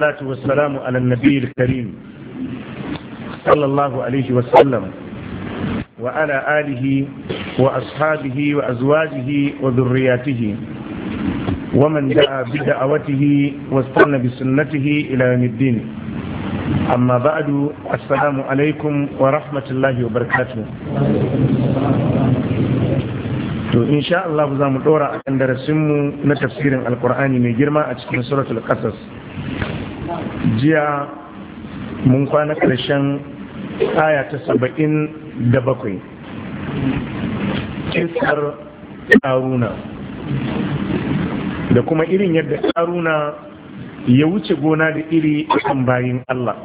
salatu wassalamu ala nabiyar karim sallallahu alaihi wa ala alihi wa ashabihi wa azwajihi wa zurriyatihi wa man da'a bi da'awatihi wa sanna bi sunnatihi ila yawmiddin amma ba'du assalamu alaikum wa rahmatullahi wa barakatuh to insha Allah za mu dora akan darasinmu na tafsirin alqur'ani mai girma a cikin suratul qasas jiya mun kwana ƙarshen aya ta saba'in da bakwai kisar karuna da kuma irin yadda karuna ya wuce gona da iri a bayin Allah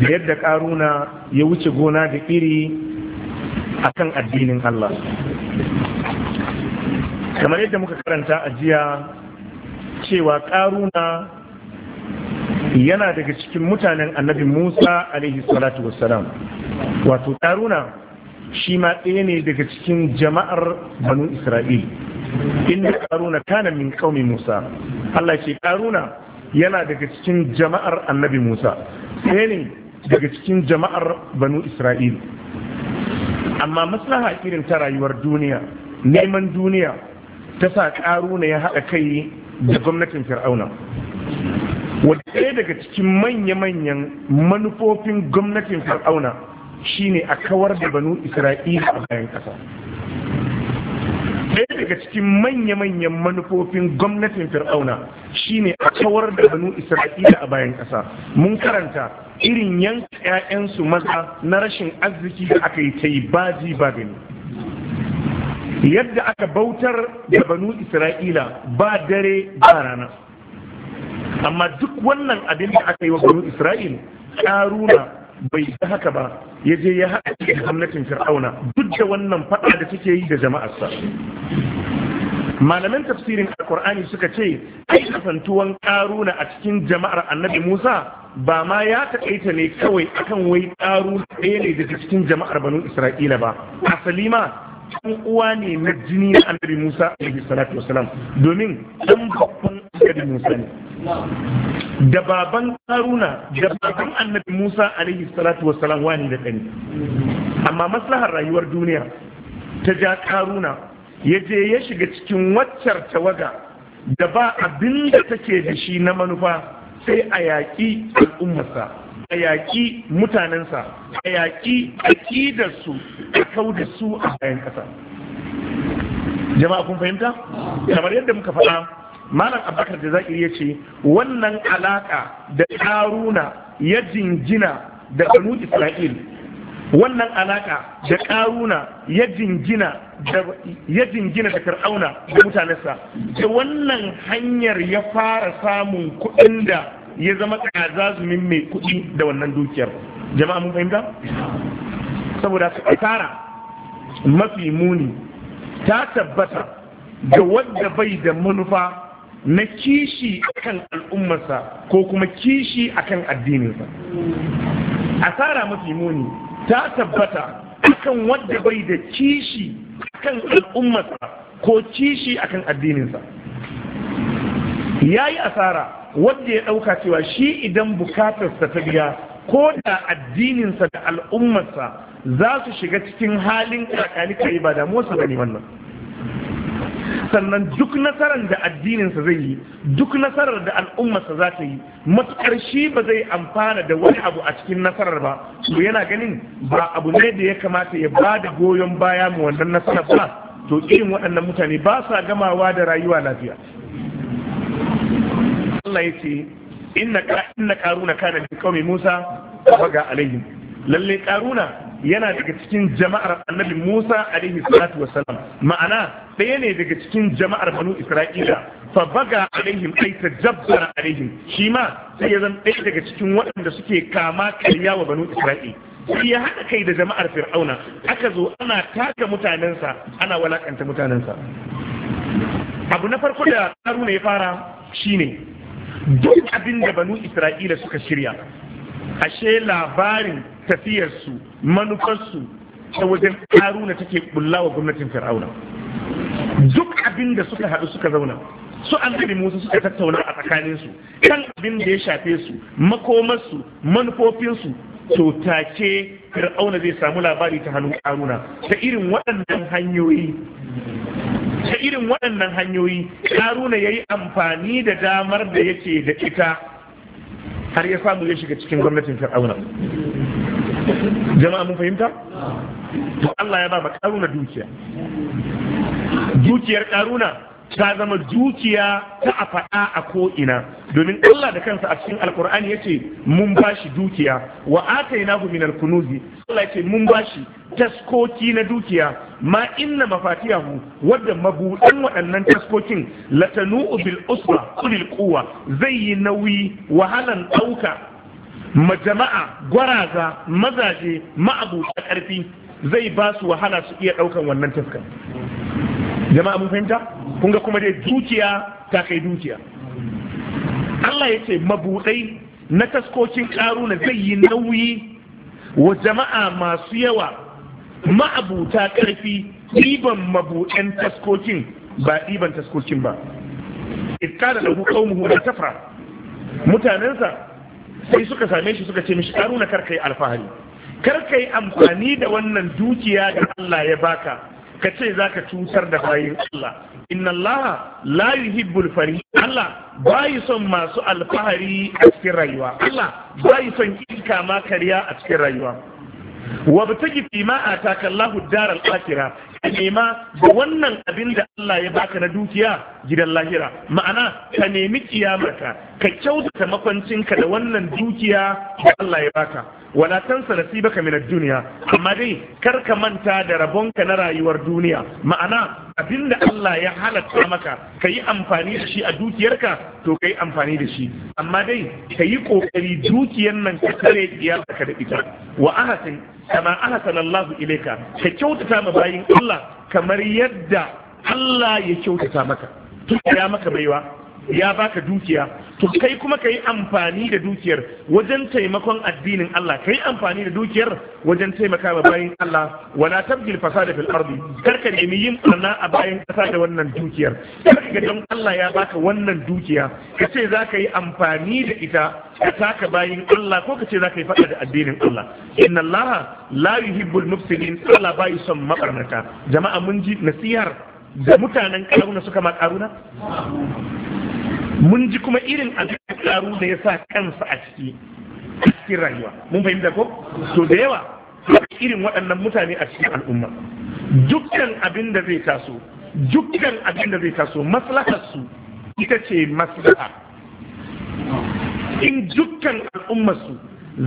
da yadda ƙaruna ya wuce gona da iri a kan addinin Allah kamar yadda muka karanta a jiya cewa ƙaruna yana daga cikin mutanen annabi musa alaihi salatu wassalam wato ƙaruna shi ma ɗaya ne daga cikin jama'ar banu isra'il inda karuna kana min kaumi musa allah ce karuna yana daga cikin jama'ar annabi musa ɗaya ne daga cikin jama'ar banu isra'il amma maslaha irin ta rayuwar duniya neman duniya ta sa ƙaruna ya haɗa kai da gwamnatin fir'auna wadda ɗaya daga cikin manya-manyan manufofin gwamnatin fir'auna shine a kawar da banu isra'ila a bayan ƙasa ɗaya daga cikin manya-manyan manufofin gwamnatin fir'auna shine a kawar da banu isra'ila a bayan ƙasa mun karanta irin yanka 'ya'yansu maza na rashin arziki da aka yi ta yi baji ba gani yadda aka bautar da banu isra'ila ba dare ba rana amma duk wannan abin da aka yi wa banu isra'il karuna bai ta haka ba ya je ya haɗa da gwamnatin fir'auna duk da wannan faɗa da take yi da jama'arsa malaman tafsirin alkur'ani suka ce ai kasantuwan karuna a cikin jama'ar annabi musa ba ma ya taƙaita ne kawai akan wai ƙaruna ɗaya ne daga cikin jama'ar banu isra'ila ba asali ma ɗan uwa ne na jini na annabi musa alaihi salatu wasalam domin ɗan babban annabi musa ne da baban karuna da baban annabi musa alaihi salatu wassalam wani da kani amma maslahar rayuwar duniya ta ja karuna ya je ya shiga cikin waccar tawaga da ba abin da take da shi na manufa sai a yaƙi al'ummarsa a yaƙi mutanensa a yaƙi aƙidarsu a kau da su a bayan ƙasa jama'a kun fahimta kamar yadda muka faɗa malam abakar da za'iri ya ce wannan alaka da karuna ya jingina da banu isra'il wannan alaka da karuna ya jingina da fir'auna da mutanensa da wannan hanyar ya fara samun kuɗin da ya zama kazazumin mai kuɗi da wannan dukiyar jama'a mun fahimta saboda su fara mafi muni ta tabbata da wanda bai da manufa na kishi akan al'ummarsa ko kuma kishi akan addininsa asara mafi muni ta tabbata akan wadda bai da kishi akan al'ummarsa ko kishi akan addininsa ya yi asara wanda ya ɗauka cewa shi idan bukatarsa ta biya ko da addininsa da al'ummarsa za su shiga cikin halin kakani kai ba damuwarsa ba ne wannan sannan duk nasarar da addininsa zai yi duk nasarar da al'ummarsa za ta yi matuƙar shi ba zai amfana da wani abu a cikin nasarar ba to yana ganin ba abu ne da ya kamata ya ba da goyon baya mu wannan nasarar ba to irin waɗannan mutane ba sa gamawa da rayuwa lafiya Allah ya ce inna karuna kana min qaumi Musa ga alaihim lalle karuna yana daga cikin jama'ar annabi Musa alaihi salatu wassalam ma'ana ɗaya ne daga cikin jama'ar banu Isra'ila fa baga alaihim ay tajabbara alaihim shi ma sai ya zan ɗaya daga cikin waɗanda suke kama karya wa banu Isra'ila sai ya haɗa kai da jama'ar Fir'auna aka zo ana taka mutanensa ana walakanta mutanensa abu na farko da Haruna ya fara shine duk abin da banu Isra'ila suka shirya ashe labarin tafiyarsu manufarsu ta wajen karuna take kulla wa gwamnatin fir'auna duk abin da suka haɗu suka zauna su an gani musu suka tattauna a tsakaninsu kan abin da ya shafe su makomarsu manufofinsu to take fir'auna zai samu labari ta hannun karuna ta irin waɗannan hanyoyi ta irin waɗannan hanyoyi karuna ya yi amfani da damar da yake da ita har ya samu ya shiga cikin gwamnatin fir'auna jama'a mun fahimta to Allah ya ba karuna dukiya dukiyar karuna ta zama dukiya ta a faɗa a ko'ina domin Allah da kansa a cikin alkur'ani ya ce mun bashi dukiya wa na hu minal kunuzi Allah ya ce mun bashi taskoki na dukiya ma inna mafatihahu wadda mabuɗan waɗannan taskokin latanu'u bil usra ulil zai yi nauyi wahalan ɗauka majama'a gwaraza mazaje ma'abuta ƙarfi zai ba su wahala su iya ɗaukan wannan taskar jama'a mun fahimta kun ga kuma dai dukiya ta kai dukiya Allah ya ce mabuɗai na taskokin ƙaruna zai yi nauyi wa jama'a masu yawa ma'abuta ƙarfi ɗiban mabuɗan taskokin ba ɗiban taskokin ba iskada da mu la tafra mutanensa sai suka same shi suka ce mishi ƙaruna karkai alfahari karkai amfani da wannan dukiya da Allah ya baka ka ce za ka cutar da bayin Allah inna Allah la yuhibbul fari Allah bayi son masu alfahari a cikin rayuwa Allah bayi son kika ma kariya a cikin rayuwa wa bitaki fi ma ataka Allahu akhirah ka nema da wannan abin da Allah ya baka na dukiya gidan lahira ma'ana ka nemi kiyamata ka kyautata makwancinka da wannan dukiya da Allah ya baka wala tansa nasibaka min ad-dunya amma dai kar ka manta da rabonka na rayuwar duniya ma'ana abin da Allah ya halatta maka ka yi amfani da shi a dukiyarka to ka yi amfani da shi amma dai ka yi kokari dukiyar nan ka tare da ita wa ahasin kama ahsanallahu ileka. ka kyautata ma bayin Allah kamar yadda Allah ya kyautata maka ya maka baiwa ya baka dukiya to kai kuma ka yi amfani da dukiyar wajen taimakon addinin Allah ka yi amfani da dukiyar wajen taimaka wa bayan Allah wala tabgil fasada fil ardi kar ka nemi yin barna a bayan kasa da wannan dukiyar kar ka don Allah ya baka wannan dukiya ka ce za ka yi amfani da ita ka taka bayan Allah ko ka ce za ka yi faɗa da addinin Allah inna Allah la yuhibbul mufsidin Allah bai son mabarnata jama'a mun ji nasihar da mutanen karuna suka ma karuna mun ji kuma irin abin karu da ya sa kansa a ciki cikin rayuwa mun fahimta ko to da yawa irin waɗannan mutane a cikin al'umma dukkan abin da zai taso dukkan abin da zai taso maslahar su ita ce maslaha in dukkan al'ummar su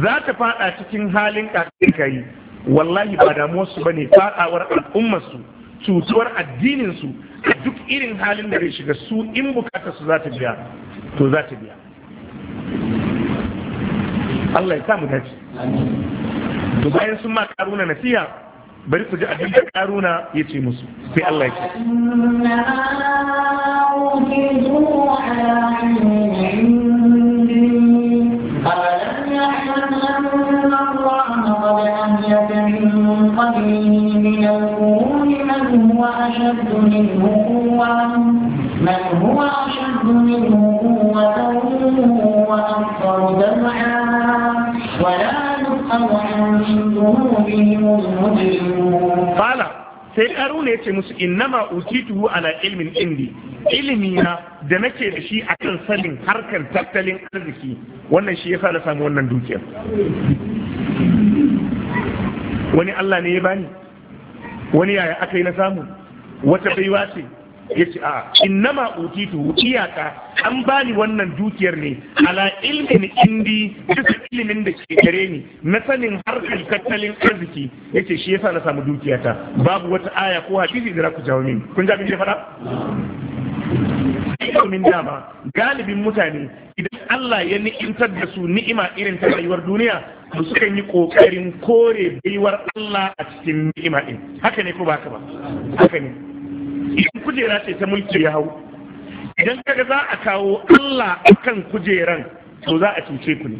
za ta fada cikin halin kakai wallahi ba damuwar su bane fadawar al'ummar su cutuwar addininsu a duk irin halin da zai shiga su in bukatar su za ta biya to za ta biya Allah ya sa mu dace to bayan sun ma karuna nasiha bari ku ji abin da karuna ya ce musu sai Allah ya ce من من هو أشد منه قوة من هو أشد منه قوة وأكثر جمعا ولا يسأل عن ذنوبهم المجرمون sai aruna ya ce musu innama utituhu ala ilmin indi ilimi na da nake da shi a kan sanin harkar tattalin arziki wannan shi ya fara samu wannan dukiyar wani Allah ne ya bani wani yaya aka yi na samu wata baiwa ce ya ce a innama utitu iyaka an bani wannan dukiyar ne ala ilmin indi duka ilimin da ke gare ni na sanin harkar tattalin arziki ya ce shi yasa na samu dukiyata babu wata aya ko hadisi da za ku jawo min kun ja ya faɗa domin dama galibin mutane idan Allah ya ni'imtar da su ni'ima irin ta rayuwar duniya da suka yi kokarin kore baiwar Allah a cikin ni'ima din haka ne ko baka ba haka ne idan kujera ce ta mulki ya hau idan kaga za a kawo Allah akan kujeran to za a cuce ku ne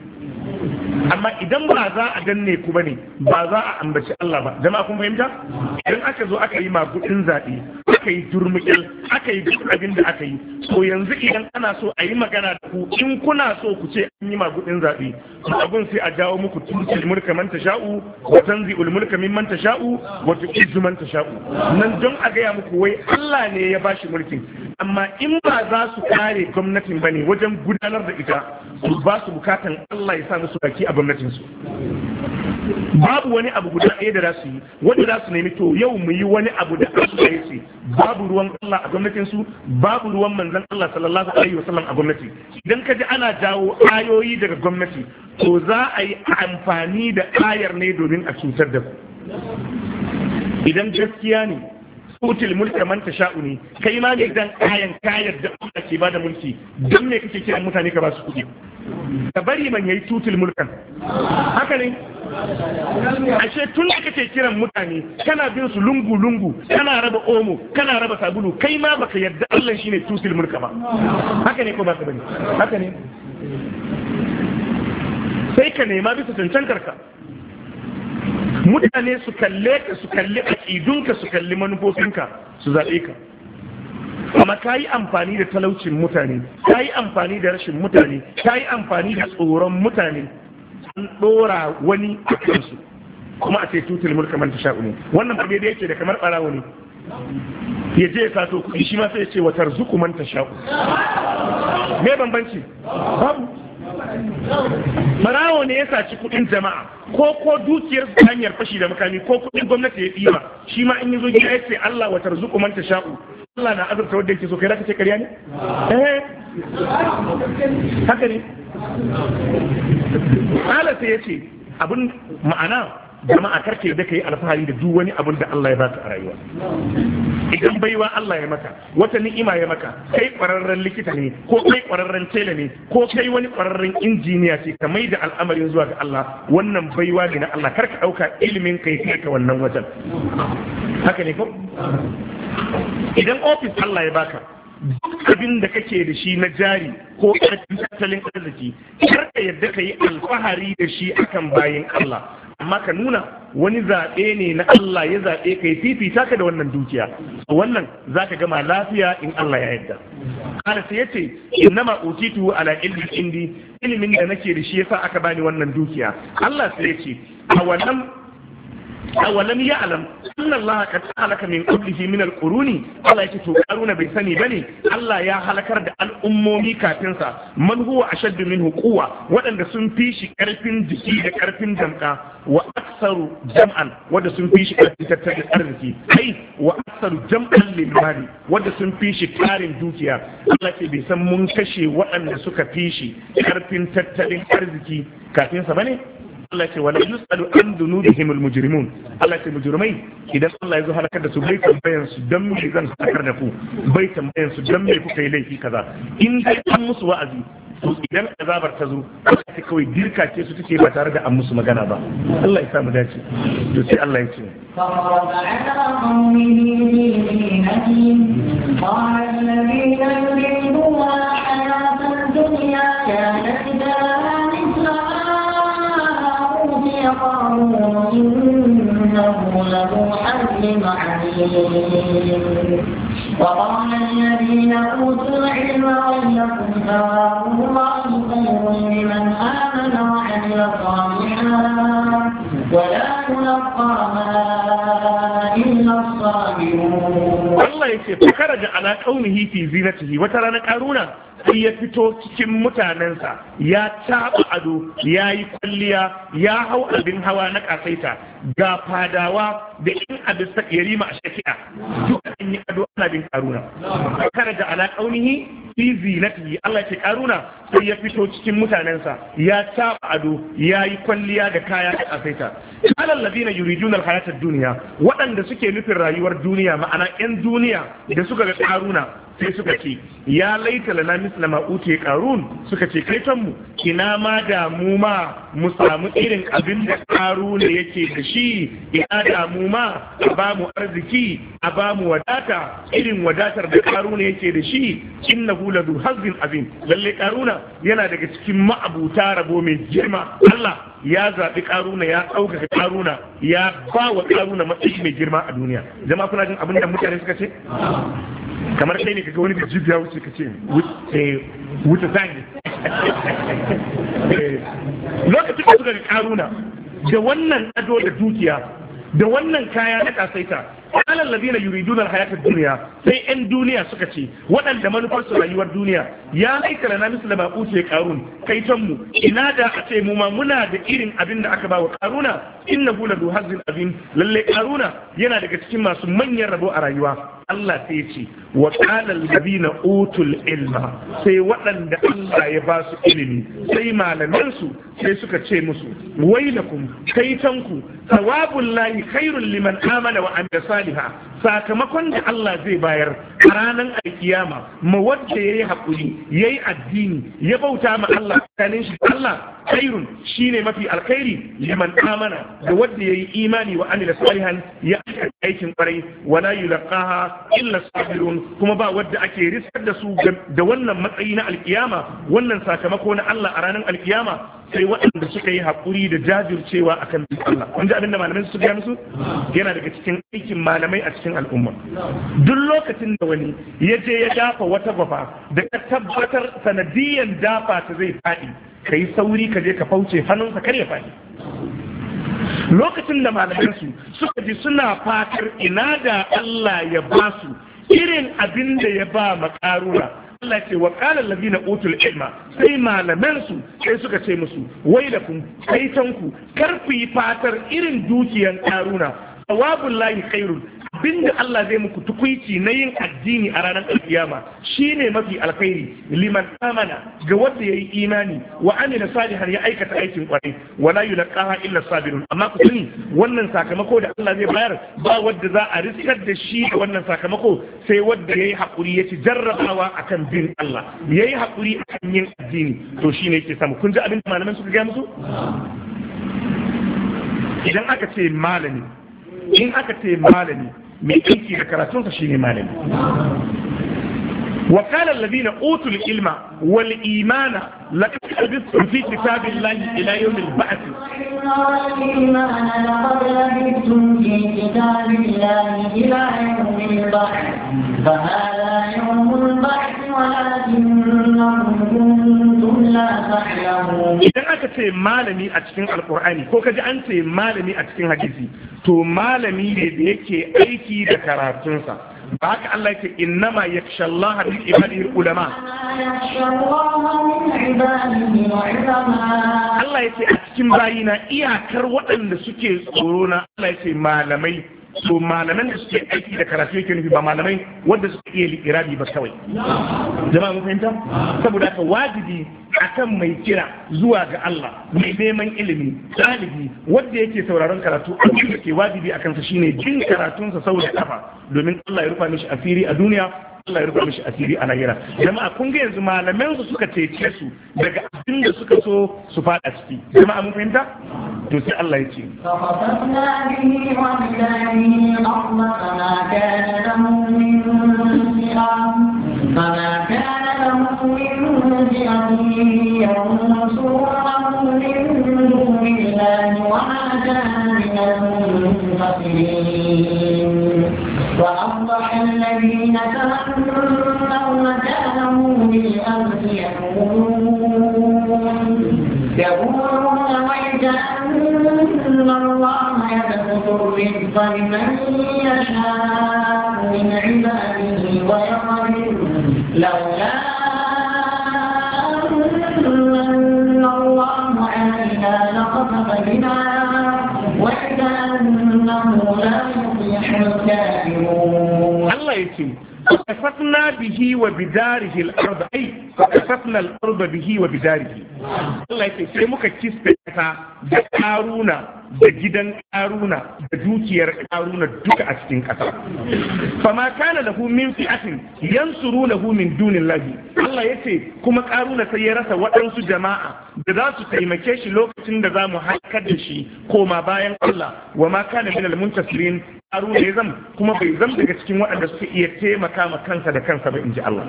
amma idan ba za a danne ku bane ba za a ambaci Allah ba jama'a kun fahimta idan aka zo aka yi maguɗin zaɓe aka yi turmukil aka yi duk abin da aka yi to yanzu idan ana so a yi magana da ku in kuna so ku ce an yi makudin zaɓe abun sai a jawo muku tutul mulka man tasha'u wa tanzi'ul mulka mimman tasha'u wa tuqizu man tasha'u nan don a gaya muku wai Allah ne ya bashi mulkin amma in ba za su kare gwamnatin bane wajen gudanar da ita su ba su bukatan Allah ya sa musu baki aiki a gwamnatinsu babu wani abu guda ɗaya da za su yi wanda za su nemi to yau mu yi wani abu da Allah ya ce babu ruwan Allah a gwamnatinsu babu ruwan manzan Allah sallallahu alaihi wasallam a gwamnati idan ka ji ana jawo ayoyi daga gwamnati to za a yi amfani da ayar ne domin a cutar da ku idan gaskiya ne util mulka man tasha'u ne kai ma ne dan kayan kayar da Allah ke bada mulki don me kake kiran mutane ka ba su kuɗi ka bari man yayi tutul mulkan haka ne ashe tun da kake kiran mutane kana bin su lungu lungu kana raba omo kana raba sabulu kai ma baka yarda Allah shine tutul mulka ba haka ne ko ba ka bane haka ne sai ka nema bisa ka. mutane su kalle ka su kalli aƙidunka su kalli manufofinka su zaɓe ka amma ta yi amfani da talaucin mutane ta yi amfani da rashin mutane ta yi amfani da tsoron mutane an ɗora wani a kansu kuma a ce tutul mulka manta tasha'u ne wannan ba da yake da kamar ɓarawo ne ya je ya sato kuɗi shi ma sai ya ce wa tarzuku man sha'u me bambanci babu barawo ne ya saci kudin jama'a ko ko dukiyar su hanyar fashi da makami ko kudin gwamnati ya tsima shi ma in yi gida ya ce Allah wa tarzuqu man tasha'u Allah na azurta wanda yake so kai zaka ce ƙarya ne eh haka ne Allah ya ce abin ma'ana jama'a karke da kai alfahari da duk wani abin da Allah ya baka a rayuwa idan baiwa Allah ya maka wata ni'ima ya maka kai kwararren likita ne ko kai kwararren tela ne ko kai wani kwararren injiniya ce ka mai da al'amarin zuwa ga Allah wannan baiwa ne na Allah karka dauka ilimin kai kai ka wannan wajen haka ne ko idan ofis Allah ya baka abin da kake da shi na jari ko ƙarfin tattalin arziki kar ka yadda ka yi alfahari da shi akan bayin Allah amma ka nuna wani zaɓe ne na Allah ya zaɓe ka yi fifita ka da wannan dukiya wannan za ka gama lafiya in Allah ya yadda. kana sai yace ma utitu ala ilmi indi ilimin da nake da shi yasa aka bani wannan dukiya Allah sai ce a wannan awalam ya alam inna Allah ka halaka min qablihi min al-quruni Allah yake to karuna bai sani bane Allah ya halakar da al'ummomi kafin sa man huwa ashaddu minhu quwwa waɗanda sun fi shi karfin jiki da karfin damka wa jam'an wanda sun fi shi karfin tattalin arziki ai wa aksaru jam'an lil mali sun fi shi tarin dukiya Allah ce bai san mun kashe waɗanda suka fi shi karfin tattalin arziki kafin sa bane التي ولا يسأل عن ذنوبهم المجرمون التي مجرمين إذا الله يظهر كذا سبيت بين سدم إذا سكر نفو بيت بين سدم يفكي إليه كذا إن أمس وأزي idan azabar ta zo ba ta kawai dirka ce su take ba tare da an musu magana ba Allah ya samu dace to sai Allah ya ce fa'ala 'ala إنه وقال الذين أوتوا العلم ويلكم ثواب الله خير لمن آمن وعمل صالحا ولا يلقاها إلا الصابرون الله يسير فخرج على قومه في زينته وترى قارون sai ya fito cikin mutanensa ya taɓa ado ya yi kwalliya ya hau abin hawa na ƙasaita ga fadawa da in abin yarima a shafi'a duka an yi ado ana bin karuna da ala kaunihi fi zinatihi Allah ce karuna sai ya fito cikin mutanensa ya taɓa ado ya yi kwalliya da kaya da asaita alal ladina yuriduna alhayata dunya waɗanda suke nufin rayuwar duniya ma'ana yan duniya da suka ga karuna sai suka ce ya laita lana misla ma uti karun suka ce kai tanmu ina ma da mu ma mu samu irin abin da karuna yake da shi ina da mu ma a ba mu arziki a ba mu wadata irin wadatar da karuna yake da shi hula ladu hazin abin lalle karuna yana daga cikin ma'abuta rabo mai girma Allah ya zaɓi karuna ya ɗaukaka karuna ya ba wa karuna matsayi mai girma a duniya jama'a kuna jin abin da mutane suka ce kamar kai ne kaga wani da jibiya wuce ka ce wuce zangi eh, eh, lokacin da suka ga karuna da wannan ado da dukiya da wannan kaya na kasaita alal ladina yuridun alhayatad dunya sai yan duniya suka ce waɗanda manufar su rayuwar duniya ya laika lana misla ma utiya qarun kai tan mu ina da a ce mu ma muna da irin abin da aka bawa qaruna innahu ladu hazin abin lalle qaruna yana daga cikin masu manyan rabo a rayuwa Allah sai ce wa qalal ladina utul ilma sai waɗanda Allah ya ba su ilimi sai malaman su sai suka ce musu wailakum kaitanku thawabul lahi kairun liman amana wa Amina saliha sakamakon da Allah zai bayar a ranar alkiyama ma wanda yayi ya yayi addini ya bauta ma Allah tsakanin shi Allah khairun shine mafi alkhairi liman amana da wanda yayi imani wa Amina salihan ya aikin kwarai wala yulqaha illa sabirun kuma ba wadda ake riskar da su da wannan matsayi na alkiyama wannan sakamako na Allah a ranar alkiyama sai waɗanda suka yi haƙuri da jajircewa akan Allah kun abinda malamai su gaya musu yana daga cikin aikin malamai a cikin al'umma duk lokacin da wani ya je ya dafa wata gaba da ka tabbatar sanadiyan dafa ta zai faɗi ka yi sauri ka je ka fauce hannunsa kar ya faɗi lokacin da malamansu suka ji suna fatar ina da Allah ya ba su irin abin da ya ba makaruna Allah ce wa ƙalar na utul ilma sai malamansu sai suka ce musu wai da kun kaitanku kar ku fatar irin dukiyan karuna sawabun layi khairun abinda Allah zai muku tukuici na yin addini a ranar alkiyama shine mafi alkhairi liman amana ga wanda yayi imani wa amila salihan ya aikata aikin kwarai wala yulqaha illa sabirun amma ku sani wannan sakamako da Allah zai bayar ba wanda za a riskar da shi da wannan sakamako sai wanda yayi hakuri ya ci jarrabawa akan bin Allah yayi hakuri akan yin addini to shine yake samu kun ji abin da malaman suka gaya musu idan aka ce malami in aka ce malami mai aiki da karatunsa ne malami وقال الذين أوتوا العلم والإيمان لقد لبثتم في كتاب الله إلى يوم البعث idan aka ce malami a cikin alkur'ani ko kaji an ce malami a cikin hadisi to malami ne da yake aiki da karatunsa ba haka Allah yake innama yakhshallaha min ibadihi ulama Allah yake a cikin bayina iyakar waɗanda suke tsoro na Allah yake malamai so malaman da suke aiki da karatu yake nufi ba malamai wadda suke iya likirabi ba kawai jama'a mun fahimta saboda ka wajibi akan mai kira zuwa ga Allah mai neman ilimi ɗalibi wanda yake sauraron karatu abin da ke wajibi akan sa shine jin karatunsa da kafa domin Allah ya rufa mishi asiri a duniya Allah ya rufa mishi asiri a lahira jama'a kun ga yanzu malaman su suka cece su daga abin da suka so su fada ciki jama'a mun fahimta to sai Allah ya ce فما كان وأصبح الذين تمنوا مكانه بالأمس يقولون يقولون ويك أن الله يبسط الرزق لمن يشاء من عباده ويقدر لولا أن الله علينا لخسف بنا وكأنه لا يفلح الكافرون الله يتيم فقصفنا به وبداره الأرض أي فقصفنا الأرض به وبداره الله يقول sai muka kispe ta da karuna da gidan karuna da dukiyar karuna duka a cikin kasa fama kana lahu min fi'atin yansuru lahu min dunillahi Allah yace kuma ƙaruna sai ya rasa waɗansu jama'a da za su taimake shi lokacin da za mu haikar da shi koma bayan Allah wa ma kana min al-muntasirin haruna ya zan kuma bai zam daga cikin waɗanda suka iya taimaka ma kansa da kansa ba in ji Allah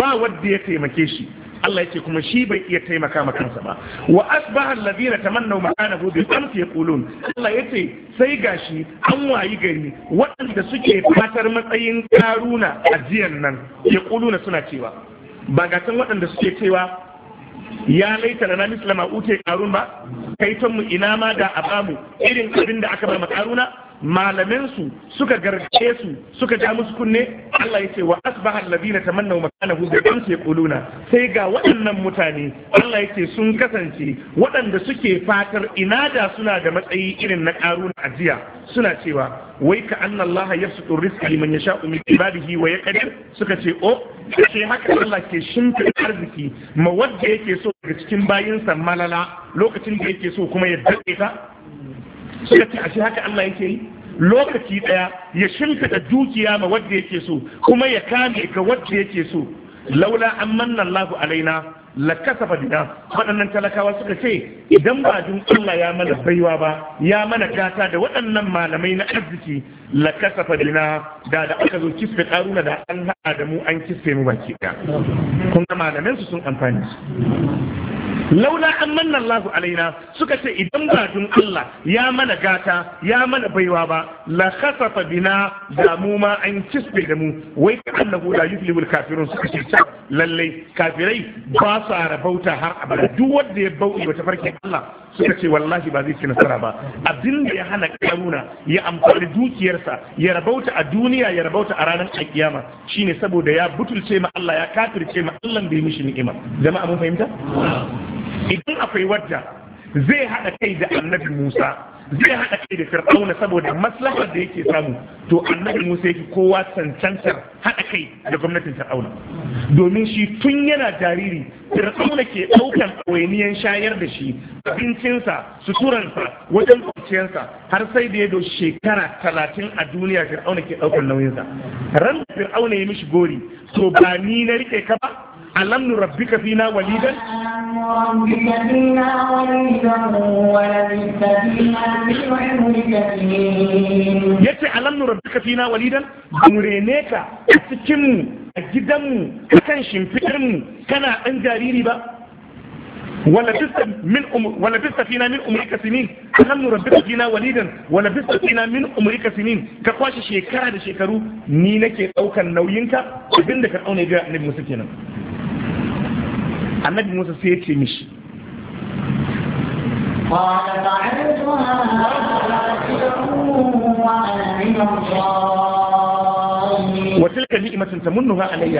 ba wanda ya taimake shi Allah yake kuma shi bai iya taimaka ma kansa ba wa asbaha alladhina tamannaw makanahu bi amsi yaqulun Allah yace sai gashi an wayi gari waɗanda suke fatar matsayin karuna a jiyan nan yaquluna suna cewa ba ga san waɗanda suke cewa ya laita lana mislama ute karun ba kai mu ina ma da a abamu irin abin da aka ma karuna malamansu suka gargaɗe su suka ja musu kunne Allah ya ce wa asbaha alladhina tamannaw makanahu bi amsi quluna sai ga waɗannan mutane Allah ya ce sun kasance waɗanda suke fatar ina da suna da matsayi irin na karuna ajiya suna cewa wai ka anna Allah rizqi liman yasha'u min ibadihi wa yaqdir suka ce o oh, sai haka Allah ke shimfi arziki ma wanda yake so daga cikin bayinsa malala lokacin da yake so kuma ya daɗe ta suka ce ashe haka Allah yake yi lokaci daya ya shimfida dukiya ma wadda yake so kuma ya kame ga wadda yake so laula an manna Allahu alaina lakasafa dina waɗannan talakawa suka ce idan ba jin Allah ya mana baiwa ba ya mana gata da waɗannan malamai na arziki lakasafa dina da da aka zo kisfe karuna da an haɗa da mu an kisfe mu baki ɗaya kun ga su sun amfani laula an manna Allahu alaina suka ce idan ba dun Allah ya mana gata ya mana baiwa ba la khasafa bina da mu ma an kisbe da mu wai ka annahu la yuflihul kafirun suka ce ta lalle kafirai ba ra rabauta har abada duk wanda ya bauta ta farkin Allah suka ce wallahi ba zai ci nasara ba abin da ya hana karuna ya amfani dukiyarsa ya rabauta a duniya ya rabauta a ranar alkiyama shine saboda ya butulce ma Allah ya kafirce ma Allah bai mishi ni'ima jama'a mun fahimta idan akwai wadda zai hada kai da annabi Musa zai haɗa kai da fir'auna saboda maslahar da yake samu to annabi musa yake kowa cancantar haɗa kai da gwamnatin fir'auna domin shi tun yana jariri fir'auna ke ɗaukan ɗawainiyan shayar da shi abincinsa suturansa wajen kwanciyarsa har sai da ya do shekara talatin a duniya fir'auna ke ɗaukan nauyinsa ran da fir'auna ya mishi gori to ba ni na riƙe ka ba alam nurabbika fina walidan yace alam nurabbika fina walidan murene ka a cikin mu a gidanmu a kan shimfidar mu kana dan jariri ba min ولبثت فينا من أمرك سنين ألم نربك فينا وليدا min فينا من أمرك ka kwashe shekara da shekaru ni nake ɗaukar nauyinka abinda ka aune ga annabi musu kenan annabi musa sai ya ce mishi ba ka وتلك نعمة تمنها علي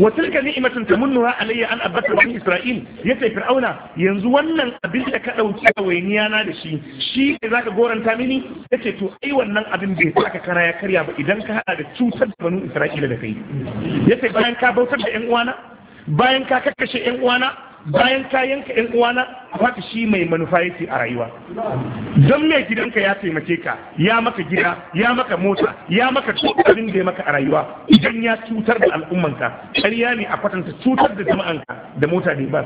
وتلك نعمة تمنها علي أن أبت بني إسرائيل يتي فرعون ينزو wannan abin da ka ɗauki wainiya na da shi shi ne zaka goranta mini yace to ai wannan abin bai saka kana ya karya ba idan ka haɗa da cutar da banu Isra'ila da kai yace bayan ka bautar da ƴan uwana bayan ka kakkashe 'yan uwana bayan ka yanka yan uwana wata shi mai manufa yake a rayuwa don mai gidanka ya taimake ka ya maka gida ya maka mota ya maka duk abin da ya maka a rayuwa idan ya cutar da al'ummanka ƙarya ne a kwatanta cutar da jama'anka da mota da ba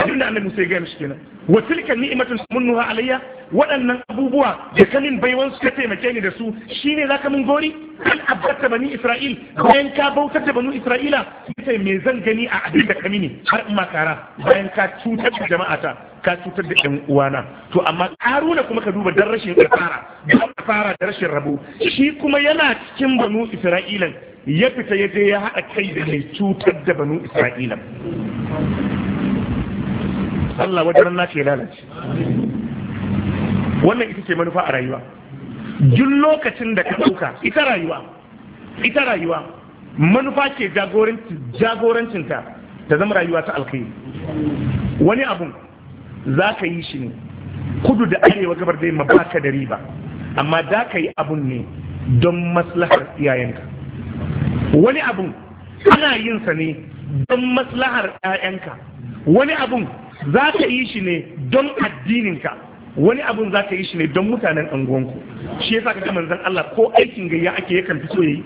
abin da annabi sai gaya kenan wa tilka ni'matun alayya waɗannan abubuwa da kamin baiwan su ka taimake ni da su shine zaka mun gori kan abbata bani isra'il bayan ka bautar da banu isra'ila sai me zan gani a abin da kamini har in makara bayan ka cutar da jama'ata ka cutar da ɗan uwana to amma karuna kuma ka duba dan rashin kafara dan kafara da rashin rabo shi kuma yana cikin banu isra'ilan ya fita ya je ya haɗa kai da mai cutar da banu isra'ilan Allah wajen nan nake lalace wannan ita ce manufa a rayuwa duk lokacin da ka ɗauka ita rayuwa ita rayuwa manufa ke jagorancinta ta zama rayuwa ta alkhairi wani abun za ka yi shi ne kudu da arewa gabar da yi baka da riba amma da ka yi abun ne don maslahar iyayenka wani abun ana yin sa ne don maslahar 'ya'yanka wani abun za ka yi shi ne don addininka wani abun za ka yi shi ne don mutanen angonku shi sa ka ga zan Allah ko aikin gayya ake yakan fi so ya yi?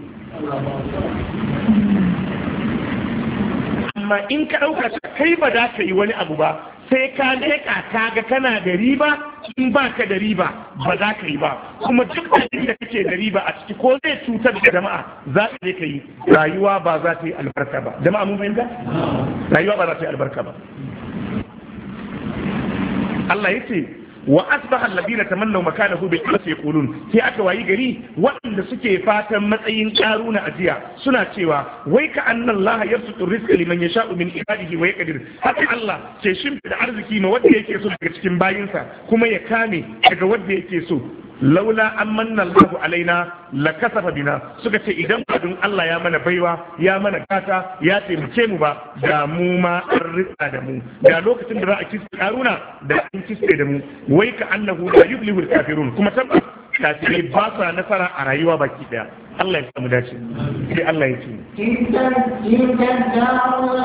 amma in ka ɗauka kai ba za ka yi wani abu ba sai ka leƙa ka ga kana da riba in ba ka da riba ba za ka yi ba kuma duk abin da kake da riba a ciki ko zai cutar da jama'a za ka je ka yi rayuwa ba za ta yi albarka ba jama'a mun fahimta rayuwa ba za ta yi albarka ba Allah ya ce wa asbaha alladhina tamallaw makanahu bi qawli yaqulun sai aka wayi gari waɗanda suke fatan matsayin karuna ajiya suna cewa wai ka annallaha yarsutu rizqa liman yasha'u min ibadihi wa yaqdir haka Allah ce shimfida da arziki ma wanda yake so daga cikin bayinsa kuma ya kame daga wanda yake so laula an manna Allahu alaina la kasafa bina suka ce idan ba Allah ya mana baiwa ya mana gata ya taimake mu ba da mu ma an ritsa da mu da lokacin da za a kisa karuna da an kisa da mu wai ka annahu la yuflihul kafirun kuma tabbas kafirai ba sa nasara a rayuwa baki daya Allah ya samu dace sai Allah ya ce tilka darul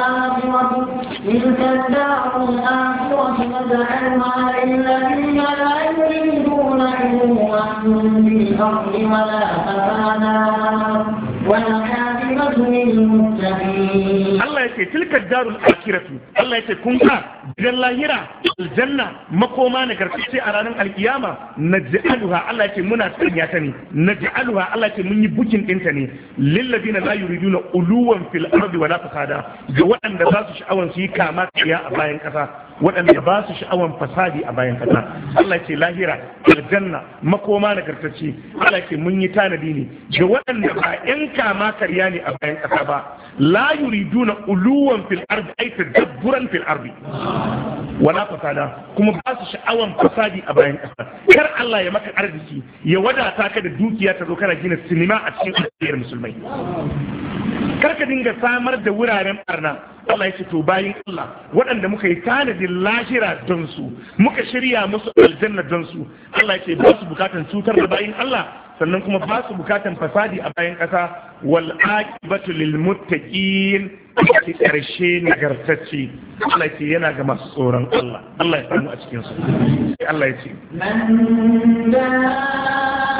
Allah ya ce tilka darul akhiratu Allah ya ce kun ga gidan lahira aljanna makoma na karkace a ranar alkiyama naj'aluha Allah ya ce muna sanya ta ne na naj'aluha Allah ya ce mun yi bukin ta ne lil ladina la yuriduna uluwan fil ardi wala fasada ga waɗanda ba su sha'awan su yi kama kiya a bayan ƙasa, waɗanda ba su sha'awan fasadi a bayan ƙasa. Allah ya ce lahira aljanna makoma na karkace Allah ya ce mun yi tanadi ne ga waɗanda ba 'yan kama karya ne a bayan 'yan ƙasa ba la yuriduna uluwan fil ardi ay tadabburan fil ardi wala fasada kuma ba su sha'awan fasadi a bayan ƙasa kar Allah ya maka arziki ya wadata ka da dukiya ta zo kana gina sinima a cikin al'ummar musulmai karka dinga samar da wuraren barna Allah ya ce to bayin Allah waɗanda muka yi tanadin lahira don su muka shirya musu aljanna don su Allah ya ce ba su bukatan cutar da bayin Allah sannan kuma ba su bukatan fasadi a bayan ƙasa wal aqibatu lil muttaqin ki karshe nagartacce Allah ya ce yana ga masu tsoron Allah Allah ya samu a cikin su Allah ya ce man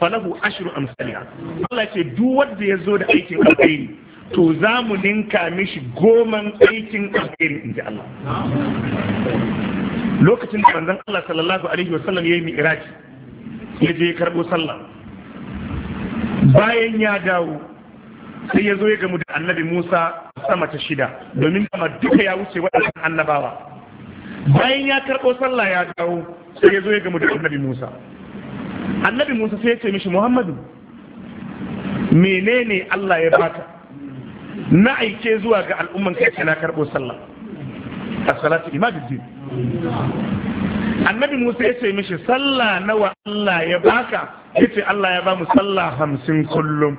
falahu ashru amsaliha Allah ce duk wanda ya zo da aikin alkhairi to za mu ninka mishi goman aikin alkhairi inji Allah lokacin da manzon Allah sallallahu alaihi wa sallam yayi mi'raji ya je karbo sallah bayan ya dawo sai ya zo ya gamu da annabi Musa sama ta shida domin kama duka ya wuce waɗannan annabawa bayan ya karɓo sallah ya dawo sai ya zo ya gamu da annabi Musa annabi musa sai ya ce mishi muhammadu menene allah ya baka na aike zuwa ga al'umman kai na karɓo sallah a salatu imaduddin annabi musa ya ce mishi sallah nawa allah ya baka ya ce allah ya ba mu sallah hamsin kullum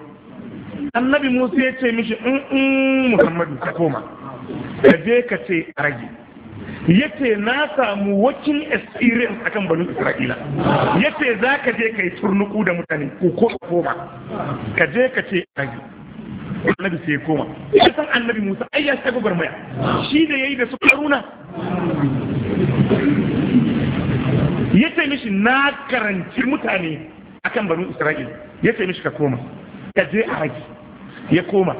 annabi musa ya ce mishi muhammadu ka koma ka je ka ce a yace na samu wakil experience akan banu isra'ila yace za ka je kai turnuku da mutane ko ko koma ka je ka ce ayi annabi sai koma ya san annabi musa ai ya saka gwarmaya shi da yayi da su karuna yace mishi na karanci mutane akan banu isra'ila yace mishi ka koma ka je a haji ya koma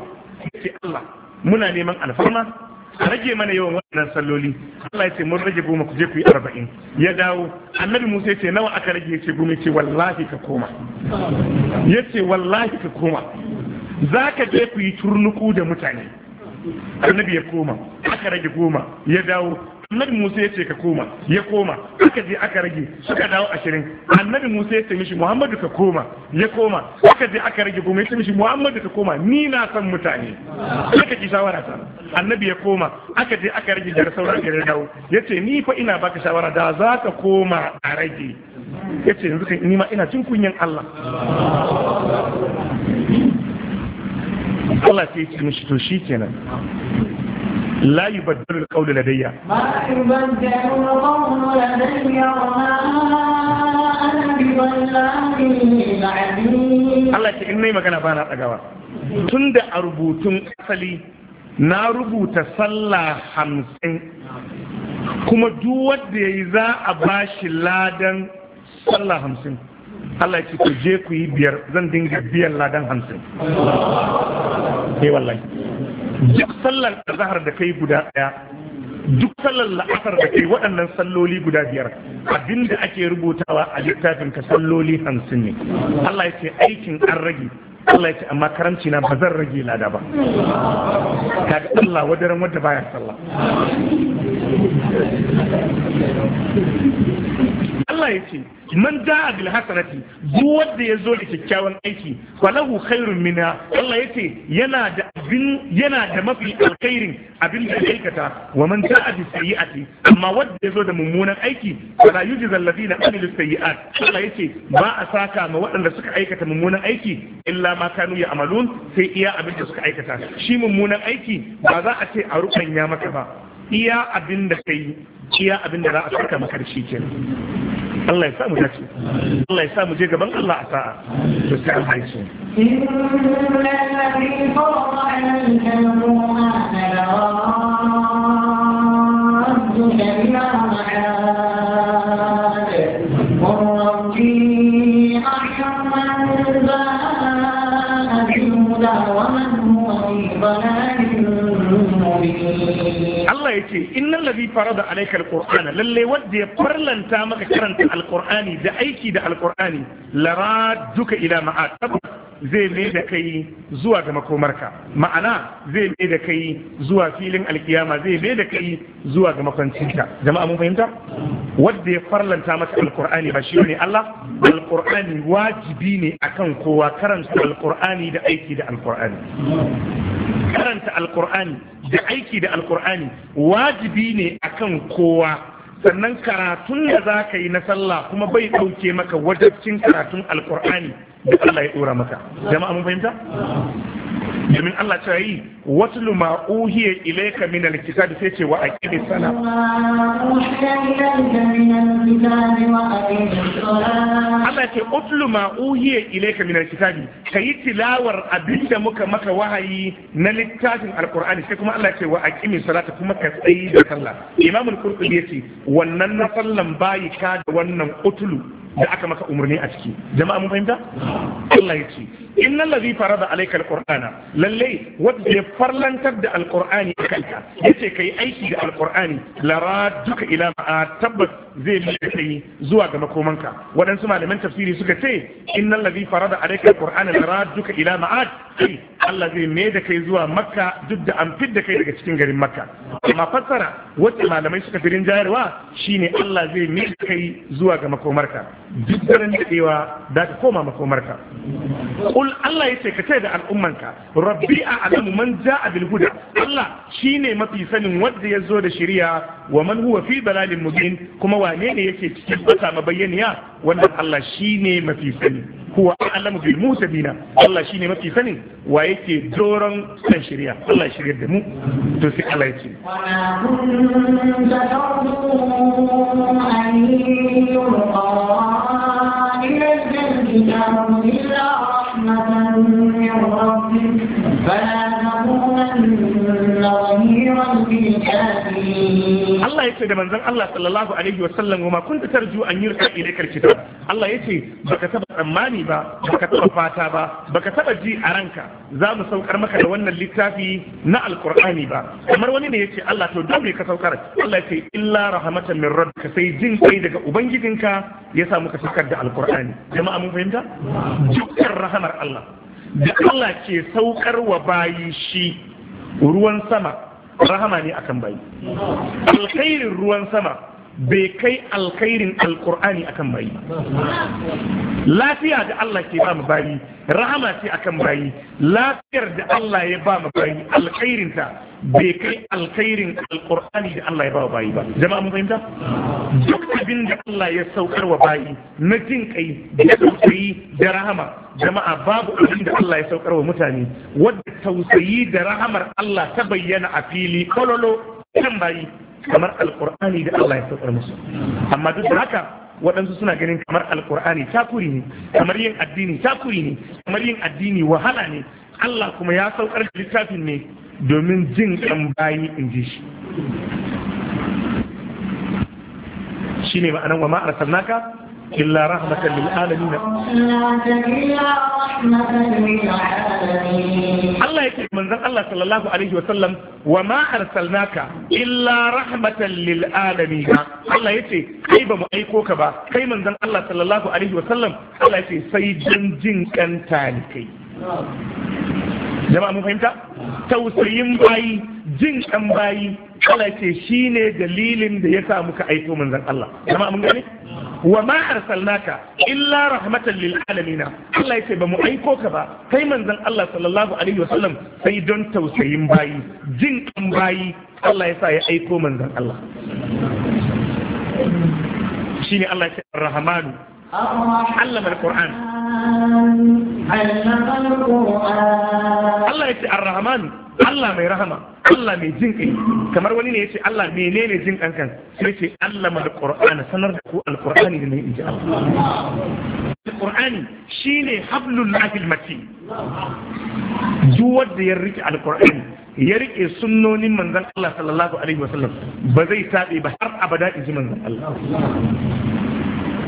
ya ce Allah muna neman alfarma a rage mana yawan waɗannan salloli Allah ya ce mun rage goma ku je ku yi arba'in ya dawo annabi Musa ya ce nawa aka rage ya ce goma ya ce wallahi ka koma ya ce wallahi ka koma za ka je ku yi turnuku da mutane annabi ya koma aka rage goma ya dawo annabi Musa ya ce ka koma ya koma aka je aka rage suka dawo ashirin annabi Musa ya ce mishi Muhammadu ka koma ya koma aka je aka rage kuma ya ce mishi Muhammadu ka koma ni na san mutane aka ji shawara ta annabi ya koma aka je aka rage jar sauran gare dawo ya ce ni fa ina baka shawara da za ka koma a rage ya ce yanzu kan ni ma ina cin kunyan Allah Allah sai ya ce mishi to shi kenan لا يبدل القول لدي ما يبدل القول لدي magana أنا بظلام العبيد الله يقول إني مكان أبانا أقوى تند أصلي na rubuta sallah hamsin kuma duk wanda ya yi za a bashi ladan sallah hamsin Allah ce ku je ku yi biyar zan dinga biyan ladan hamsin. Ke wallahi. duk sallar azhar da kai guda daya duk sallar la'asar da kai waɗannan salloli guda biyar abinda ake rubutawa a littafin ka salloli hamsin ne Allah ya ce aikin an rage Allah ya ce amma karanci na ba zan rage lada ba kaga Allah wadaran wadda baya sallah Allah ya ce man da'a bil hasanati duk wanda ya zo da kyakkyawan aiki falahu khairun minha Allah ya ce yana da abin yana da mafi alkhairin abin da aikata wa man ta'a bi sayyi'ati amma wanda yazo da mummunan aiki fala yujzal ladina amilu sayyi'at Allah yace ba a saka ma waɗanda suka aikata mummunan aiki illa ma kanu amalun sai iya abin da suka aikata shi mummunan aiki ba za a ce a rubanya maka ba iya abin da kai iya abin da za a saka maka da shi kenan Allah ya sa mu dace Allah ya sa mu je gaban Allah a sa'a to sai Allah ya Allah ya ce innal ladhi farada alayka alqur'ana lalle wanda ya farlanta maka karanta alkur'ani da aiki da alqur'ani duka ila ma'ad zai mai da kai zuwa ga makomarka ma'ana zai mai da kai zuwa filin alkiyama zai mai da kai zuwa ga makwancinka jama'a mun fahimta wadda ya farlanta maka alqur'ani ba shi ne Allah alkur'ani wajibi ne akan kowa karanta alqur'ani da aiki da alqur'ani karanta alkur'ani da aiki da alkur'ani wajibi ne akan kowa sannan karatun da za ka yi na sallah kuma bai ɗauke maka wajabcin karatun alkur'ani da Allah ya ɗora maka jama'a mun fahimta domin Allah ta yi wasu luma uhiye ilaika min alkitab sai ce wa aqimi sala Allah ce utlu ma uhiye ilaika min alkitab kai tilawar abinda muka maka wahayi na littafin alqur'ani sai kuma Allah ce wa aqimi salata kuma ka tsayi da sallah Imam al-Qurtubi yace wannan na sallan bayi ka da wannan utlu da aka maka umarni a ciki jama'a mun fahimta Allah ya ce innal ladhi farada alayka alqur'ana lalle wanda ya farlantar da alqur'ani kanka yace kai aiki da alqur'ani la raduka ila ma tabbas zai mai da kai zuwa ga makomanka waɗansu malaman tafsiri suka ce In innal ladhi farada alayka alqur'ana duka ila ma'ad Allah zai mai da kai zuwa makka duk da an da kai daga cikin garin makka amma fassara wacce malamai suka fi rinjayarwa shine Allah zai mai da kai zuwa ga makomarka duk daren daɗewa da ka koma makomarka kul Allah ya ce ka ce da al'ummanka rabbi a alamu man ja'a bil huda Allah shine mafi sanin wanda ya zo da shari'a wa man huwa fi dalalin mubin kuma wane ne yake cikin bata mabayyaniya wannan Allah shi ne mafi sani huwa a'lamu bil muhtadina Allah shi ne mafi sani wa yake doron san shari'a Allah shirya da mu to sai Allah yake إلى الجنة إلا رحمة من ربك Allah ya ce da manzon Allah sallallahu alaihi wa sallam wa ma kunta tarju an yurka ilayka alkitab Allah ya ce baka taba tsammani ba baka taba fata ba baka taba ji a ranka za mu saukar maka da wannan littafi na alqur'ani ba kamar wani ne yace Allah to dole ka saukar Allah ya ce illa rahmatan min rabbika sai jin kai daga ubangijinka ya sa muka saukar da alqur'ani jama'a mun fahimta dukkan rahamar Allah da Allah ke saukar wa bayi shi ruwan sama rahama ne akan bayi alkhairin ruwan sama bai kai alkhairin alkur'ani akan bayi lafiya da Allah ke ba mu bayi rahama ce akan bayi lafiyar da Allah ya ba mu bayi alkhairin ta bai kai alkhairin alkur'ani da Allah ya ba bayi ba jama'a mun fahimta duk abin da Allah ya saukar wa bayi na jin kai da tausayi da rahama jama'a babu abin da Allah ya saukar wa mutane wadda tausayi da rahamar Allah ta bayyana a fili kololo kan bayi kamar alkur'ani da Allah ya saukar musu amma duk da haka waɗansu suna ganin kamar alkur'ani takuri ne kamar yin addini takuri ne kamar yin addini wahala ne Allah kuma ya saukar da littafin ne domin jin kan bayi in ji shi shine ma'anar wa ma إلا رحمة للعالمين الله يكي من ذن الله صلى الله عليه وسلم وما أرسلناك إلا رحمة للعالمين الله يكي كيف مؤيكوك با كي من ذن الله صلى الله عليه وسلم الله يكي سيجن جنك تانكي jama'a mun fahimta tausayin bayi jin kan bayi Allah ce shine dalilin da ya sa muka aiko manzon Allah jama'a mun gane wa ma arsalnaka illa rahmatan lil alamin Allah yace ba mu aiko ka ba kai manzon Allah sallallahu alaihi wasallam sai don tausayin bayi jin kan bayi Allah yasa ya aiko manzon Allah shine Allah yace ar-rahmanu allama al-qur'an allama al-qur'an Allah yace ar-rahman Allah mai rahama Allah mai jin kai kamar wani ne ya ce Allah menene jin kankan sai ce Allah mal Qur'ani sanar da ku alqur'ani da mai inji Allah alqur'ani shine hablul lahil matin duk wanda ya rike alqur'ani ya rike sunnonin manzon Allah sallallahu alaihi wasallam ba zai tabe ba har abada inji manzon Allah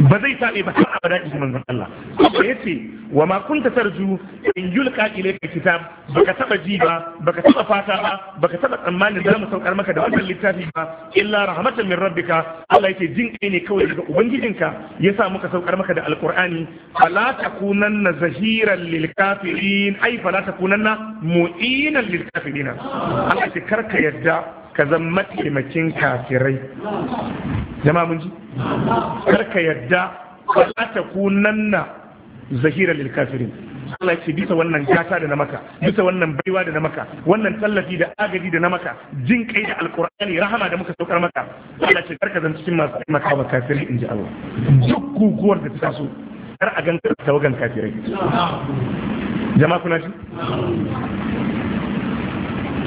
ba zai sabe ba har abada in manzon Allah kuma yace wa ma kunta tarju in yulqa ilayka kitab baka taba ji ba baka taba fata ba baka taba tsammanin za mu saukar maka da wannan littafi ba illa rahmatan min rabbika Allah yake jin kai ne kawai daga ubangijinka yasa muka saukar maka da alqur'ani fala takunanna zahiran lil kafirin ay fala takunanna mu'inan lil kafirin Allah ya karka yadda ka zan mataimakin kafirai jama mun ji karka yadda wala ta kunanna zahira lil kafirin Allah ya ce bisa wannan gata da na maka bisa wannan baiwa da na maka wannan tallafi da agaji da na maka jin kai da alkur'ani rahama da muka saukar maka Allah ce karka zan cikin masu taimaka wa kafirai in ji Allah duk guguwar da ta taso kar a ganka tawagan kafirai jama'a kuna ji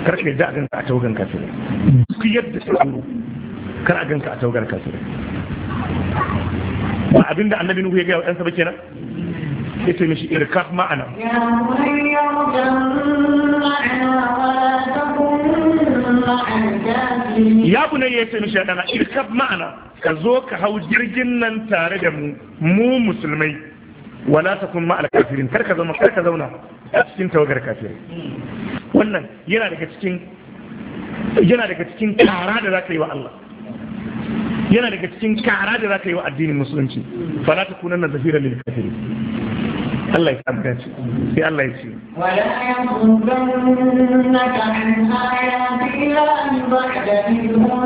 karka da a ganka a taugan ne duk yadda su allo kar a ganka a taugan ne ba abinda annabi nuhu ya gaya wa ɗansa ba kenan ya ce mishi irkaf ma'ana ya bu ya ce mishi ɗana irkaf ma'ana ka zo ka hau jirgin nan tare da mu mu musulmai wala ta kun ma'al kafirin kar ka zama kar ka zauna a cikin tawagar kafirin wannan yana daga cikin yana daga cikin kara da za ka yi wa Allah yana daga cikin kara da za ka yi wa addinin musulunci fala ta kunan na zafira lil kafiri Allah ya tsabta ce sai Allah ya ce wala yadhunnuka an ayati la an ba'da min wa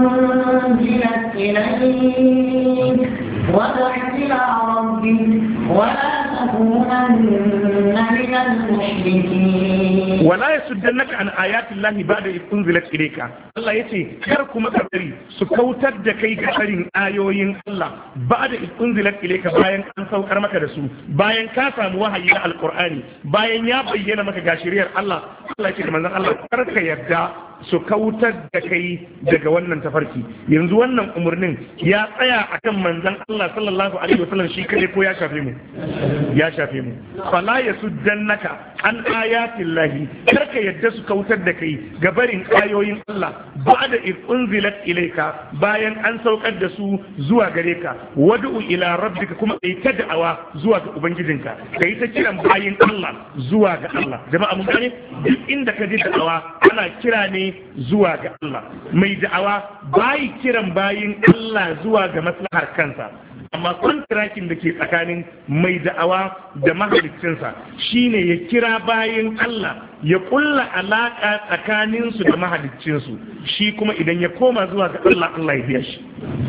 ta'ala rabbi wala wala ya suddan naka an ayatin lahi ba da ifin zilat ireka Allah ya ce kar kuma kabari su kautar da kai ga harin ayoyin Allah ba da ifin zilat ireka bayan an saukar maka da su bayan ka samu wahayi na alkur'ani bayan ya bayyana maka ga shiriyar Allah Allah ya ce da manzan Allah kar ka yarda su kautar da kai daga wannan tafarki yanzu wannan umarnin ya tsaya a kan manzan Allah sallallahu alaihi wasallam shi kare ko ya shafe mu ya shafe mu fala ya naka an ayatin lahi ka yadda su kautar da kai ga barin ayoyin Allah ba da unzilat ilaika bayan an saukar da su zuwa gare ka wad'u ila rabbika kuma kai ta da'awa zuwa ga ubangijinka kai ta kiran bayin Allah zuwa ga Allah jama'a mun gane duk inda ka ji da'awa ana kira ne zuwa ga Allah mai da'awa bayi kiran bayin Allah zuwa ga maslahar kansa amma kontrakin da ke tsakanin mai da'awa da mahalicinsa shine ya kira bayan Allah ya kulla alaka tsakaninsu da mahalicinsu shi kuma idan ya koma zuwa ga Allah Allah ya biya shi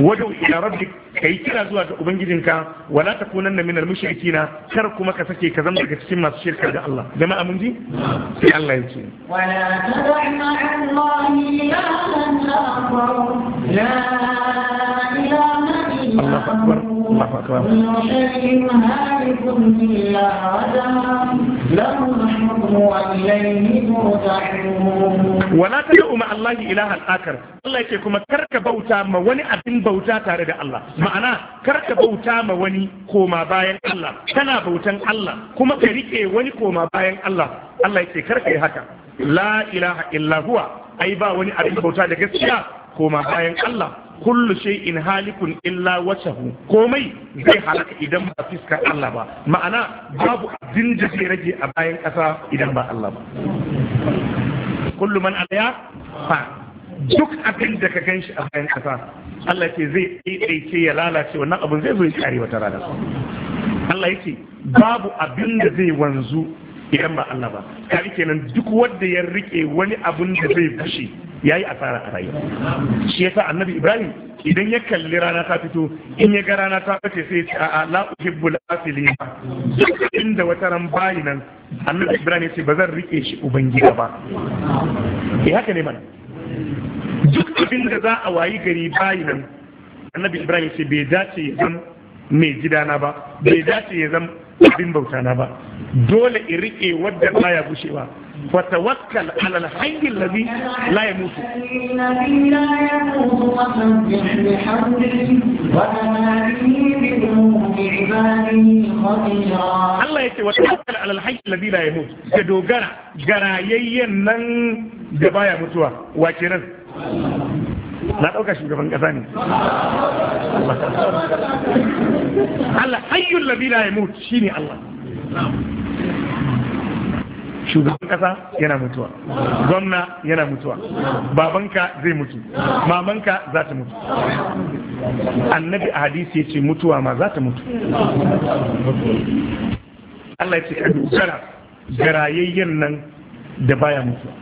wajen ila rabbi ka yi kira zuwa ga ubangijinka wala ta kunan na minar mushrikina kar kuma ka sake ka zama daga cikin masu shirka da Allah jama'a mun ji sai Allah ya ce wala tad'u ma'allahi ilahan akhar la ilaha illa Allah akbar كل شيء هالك إلا وجهه له الحكم وإليه ترجعون ولا تدعوا مع الله إلها آخر الله يكيكم كرك بوتا ما وني أبن بوتا تارد الله معنى كرك بوتا ما وني كوما باين الله كنا بوتا الله كما كريكي وني كوما باين الله الله يكي كرك هكا لا إله إلا هو أي با وني أبن بوتا دقسيا كوما باين الله kullu in halikun illa wajhahu komai zai halaka idan ba fiskar Allah ba ma'ana babu abin da zai rage a bayan kasa idan ba Allah ba kullu man alaya fa duk abin da ka ganshi a bayan kasa Allah ce zai ɗaiɗaice ya lalace wannan abin zai zo ya kare wata rana Allah yake babu abin da zai wanzu idan ba Allah ba kaga kenan duk wanda ya rike wani abun da zai ya yayi asara a rayuwa shi yasa annabi Ibrahim idan ya kalli rana ta fito in ya ga rana ta bace sai ya a la uhibbul afilin inda wata ran bayi nan annabi Ibrahim ya ce ba zan rike shi ubangida ba eh haka ne mana duk abin da za a wayi gari bayi nan annabi Ibrahim ya ce bai dace ya zama mai gidana ba bai dace ya zama abin bauta na ba dole in rike wadda ba ya bushe ba wa tawakkal ala alhayy ladhi la yamutu Allah yake wa tawakkal ala alhayy ladhi la yamut ka dogara garayayyen nan da baya mutuwa wa kiran na ɗauka shugaban ƙasa ne Allah hayyul ladhi la yamut shine Allah shugaban kasa yana mutuwa gwamna yana mutuwa babanka zai mutu mamanka za ta mutu annabi a hadisi ya ce mutuwa ma za ta mutu Allah ya ce ka dukara garayayyen nan da baya mutuwa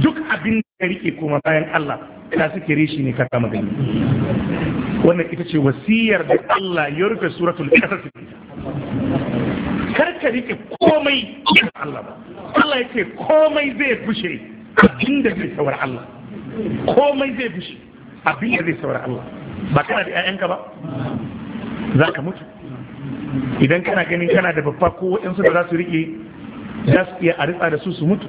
duk abin da rike kuma bayan Allah ta suke rishi ne ka kama gani wannan ita ce wasiyar da Allah ya rufe suratul kasas kar ka rike komai da Allah ba Allah ya ce komai zai fushe abin da zai saura Allah komai zai fushe abin da zai saura Allah ba kana da 'ya'yanka ba za ka mutu idan kana ganin kana da babba ko waɗansu da za su riƙe za su iya a ritsa da su su mutu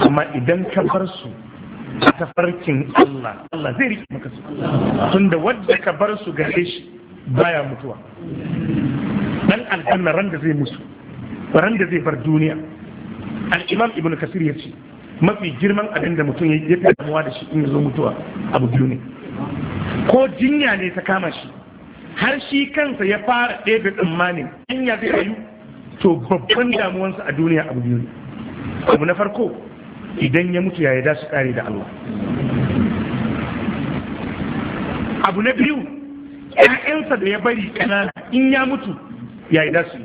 amma idan ka bar su a tafarkin Allah Allah zai rike maka su tunda wadda ka bar su gare shi baya mutuwa dan aljanna ran da zai mutu ran da zai bar duniya al-imam ibnu ya yace mafi girman abin da mutum ya fi damuwa da shi in zo mutuwa abu biyu ne ko jinya ne ta kama shi har shi kansa ya fara ɗebe tsammanin jinya zai rayu to babban damuwansa a duniya abu biyu abu na farko idan ya mutu ya da su kare da Allah abu na biyu ‘ya'yansa da ya bari ƙanana in ya mutu yayi da su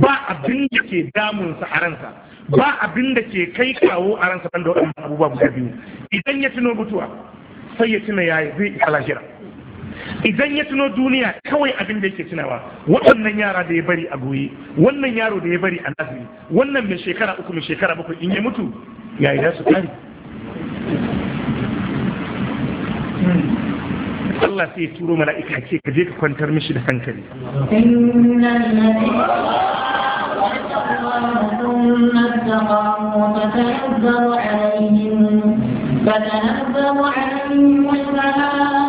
ba abin da ke damunsa a ransa ba abin da ke kai kawo a ransa ban da waɗannan abubuwa guda biyu idan ya tuno mutuwa sai ya tuna yaya zai isa lahira idan ya tuno duniya kawai abin da yake tunawa waɗannan yara da ya bari a goyi wannan yaro da ya bari a nazari wannan mai shekara uku mai shekara bakwai in ya mutu ya yi su kare Allah sai ya turo mala'ika ce ka je ka kwantar mishi da hankali فتنزل عليهم فتنزل عليهم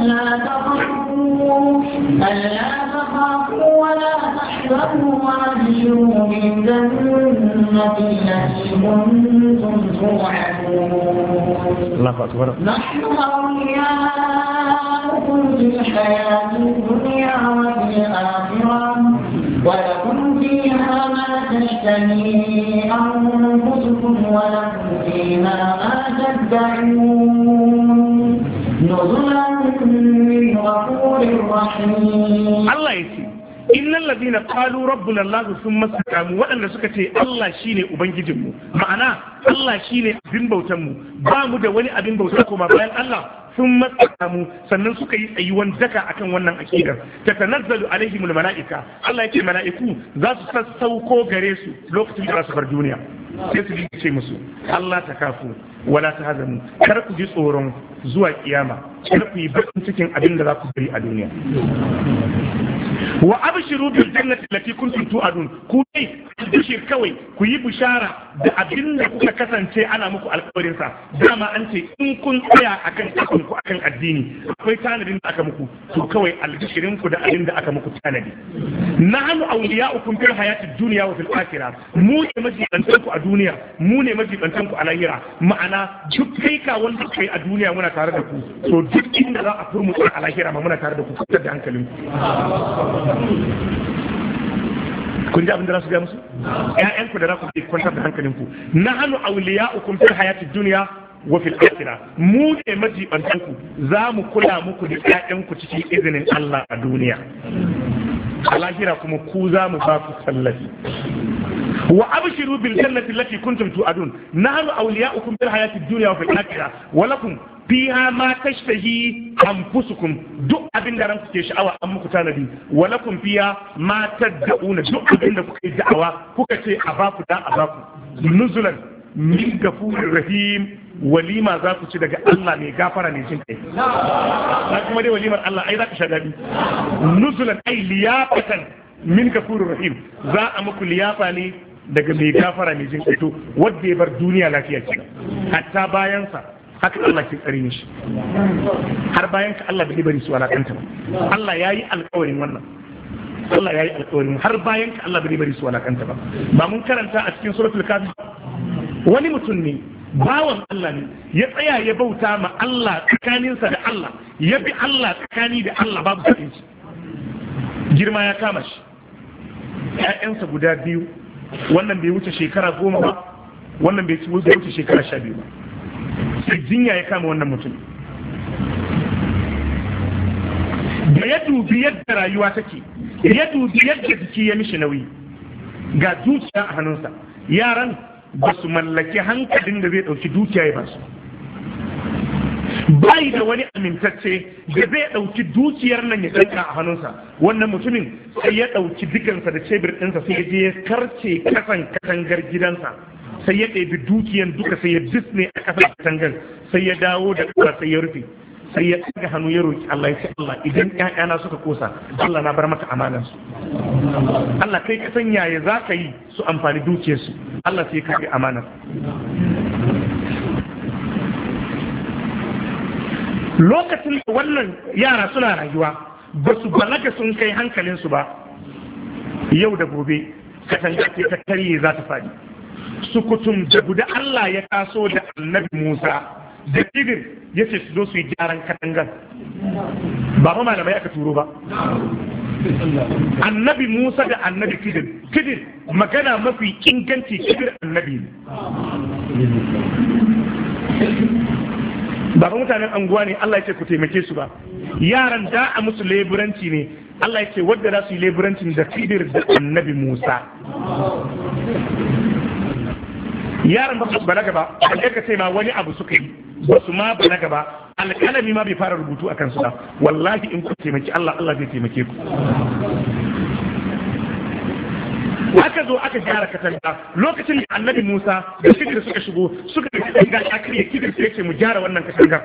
ألا تخافوا ولا تحزنوا وأبشروا بالجنة التي كنتم توعدون الله أكبر نحن أولياؤكم في الحياة الدنيا وفي الآخرة ولكم فيها ما تشتهي أنفسكم ولكم فيها ما تدعون Allah ya ce, Innan na kalu rabbul Allah sun masu kamu waɗanda suka ce Allah shi ne Ubangijinmu, ma'ana Allah shi ne abin bautanmu, ba mu da wani abin bauta kuma bayan Allah sun matsa mu sannan suka yi tsayuwan daka akan wannan akidar ta tanazzalu alaihim mala'ika Allah yake mala'iku za su sassauko gare su lokacin da su bar duniya sai su ce musu Allah ta kafu wala ta hazanu kar ku ji tsoron zuwa kiyama kar ku yi bakin cikin abin da za ku bari a duniya wa abshiru bil jannati allati kuntum tu'adun ku dai bishir kawai ku yi bishara da abin da kuka kasance ana muku alkawarin sa dama an ce in kun tsaya akan kasan ku akan addini akwai tanadin da aka muku to kawai albishirin ku da abin da aka muku tanadi nahnu awliya'ukum fil hayati dunya wa fil akhirah mu ne majibantan ku a duniya mu ne majibantan ku a lahira ma'ana duk kai ka wanda kai a duniya muna tare da ku to duk inda za a furmu a lahira ma muna tare da ku fitar da hankalin ku kun ji abin da za su gaya musu ƴaƴanku da za ku je kwantar da hankalinku nahnu awliya'ukum fil hayati dunya wa fil akhirah mu ne ku za mu kula muku da ƴaƴanku cikin izinin Allah a duniya a lahira kuma ku za mu ba ku tallafi wa abshiru bil jannati allati kuntum tu'adun nahnu awliya'ukum fil hayati dunya wa fil akhirah wa lakum fiha ma tashtahi anfusukum duk abin da ke sha'awa an muku tanadi wa lakum fiha ma tad'una duk abin kuka yi da'awa kuka ce a baku da a baku nuzulan min gafurir rahim walima za ku ci daga Allah mai gafara ne jin kuma dai walimar Allah ai za ka sha nuzulan ai liyafatan min gafurir rahim za a muku liyafa ne daga mai gafara wanda ya bar duniya lafiya kenan hatta bayansa haka Allah ke tsare shi. har bayan ka Allah bai bari su walakanta ba Allah ya yi alƙawarin wannan Allah ya yi alƙawarin har bayan ka Allah bai bari su walakanta ba ba mun karanta a cikin suratul kafi wani mutum ne bawan Allah ne ya tsaya ya bauta ma Allah tsakaninsa da Allah ya bi Allah tsakani da Allah babu sakin shi girma ya kama shi ƴaƴansa guda biyu wannan bai wuce shekara goma ba wannan bai wuce shekara sha biyu ba sai jinya ya kama wannan mutum da ya dubi yadda rayuwa take ya dubi yadda jiki ya mishi nauyi ga dukiya a hannunsa yaran ba su mallaki hankalin da zai ɗauki dukiya ya basu bai da wani amintacce da zai ɗauki dukiyar nan ya ɗauka a hannunsa wannan mutumin sai ya ɗauki dukansa da cebir ɗinsa sai ya je ya karce kasan katangar gidansa sai ya ɗebi dukiyan duka sai ya disne a ƙasar katangar sai ya dawo da ƙasa sai ya rufe sai ya ɗaga hannu ya roƙi Allah ya ce Allah idan ƴaƴana suka kosa Allah na bar maka amanar su Allah kai ka san yaya za ka yi su amfani su, Allah sai ka yi amanar lokacin da wannan yara suna rayuwa ba su balaga sun kai hankalinsu ba yau da gobe katanga ce ta karye za ta faɗi Sukutun da guda Allah ya taso da annabi Musa da idir ya ce su zo su yi gyaran katangar ba ma malamai aka turo ba annabi Musa da annabi kidir kidir magana mafi inganci kidir annabi ne ba mutanen anguwa ne Allah ya ce ku taimake su ba yaran da a musu leburanci ne Allah ya ce wadda za su yi leburanci, da kidir da annabi Musa yaran ba su balaga ba kalle ka sai ma wani abu suka yi ba su ma balaga ba alƙalami ma bai fara rubutu a kansu ba wallahi in ku taimaki Allah Allah zai taimake ku aka zo aka gyara katanga lokacin da annabi Musa da Khidir suka shigo suka ga katanga ya karya Khidir sai ce mu gyara wannan katanga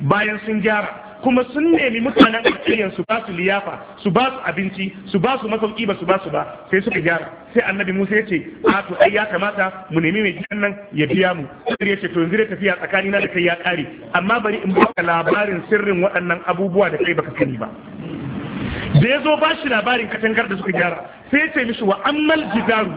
bayan sun gyara kuma sun nemi mutanen alƙaryar su ba su liyafa su ba su abinci su ba su masauki ba su ba su ba sai suka gyara sai annabi Musa ya ce a to ai ya kamata mu nemi mai gidan nan ya biya mu sai ya ce to yanzu da tafiya tsakanina da kai ya kare amma bari in baka labarin sirrin waɗannan abubuwa da kai baka sani ba da ya zo ba shi labarin katangar da suka gyara sai ya ce mishi wa ammal jidaru